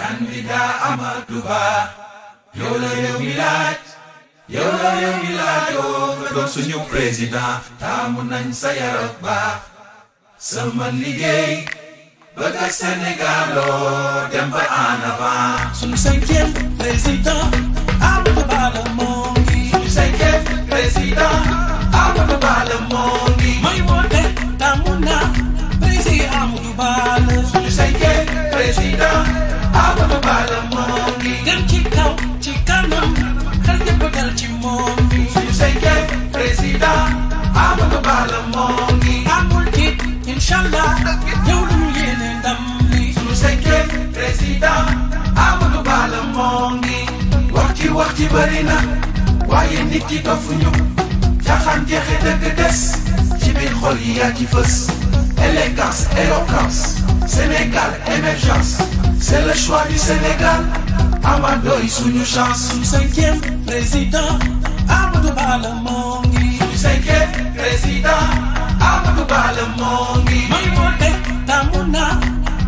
candidat Amadou Ba yow la réew mi laaj yow la réew mi laaj yow nga doon suñu président taamu nañ sa yarak baax sama liggéey ba en avant suñu cinquième Ba la moo ngi suñu cinquième président Amadou Ba la moo ngi may woote taamu naa président Amadou Ba moo président Amadou Ba la moo ngi amul inchallah yow la ñu yéene ndam li suñu cinquième président Amadou Ba la moo ngi wax ci wax ci bëri na waaye nit yi dofuñu caaxaan jeexe dëgg des ci biir xol yi Sénégal émergence c'est le choix du Sénégal Amadou suñu chance président Amadou Ba la moo ngi. Seke président Amadou Ba la moo ngi. man moo de taamu naa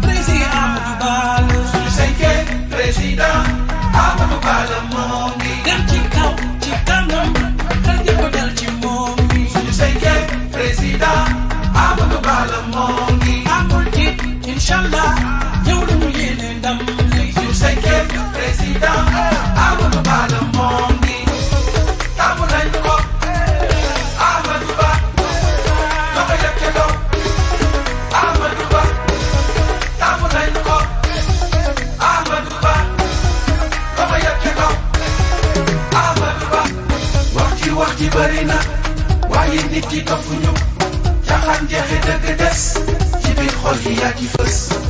président Amadou Ba la. Seke président Amadou Ba la moo ngi. dem ci kaw ci kanam xel di ko dal ci moom mi. Seke président Amadou Ba la moo ngi. yi bëri na waaye nit yi dofuñu caaxaan jeexe dëgg des ci biir xol yi yaa ci fës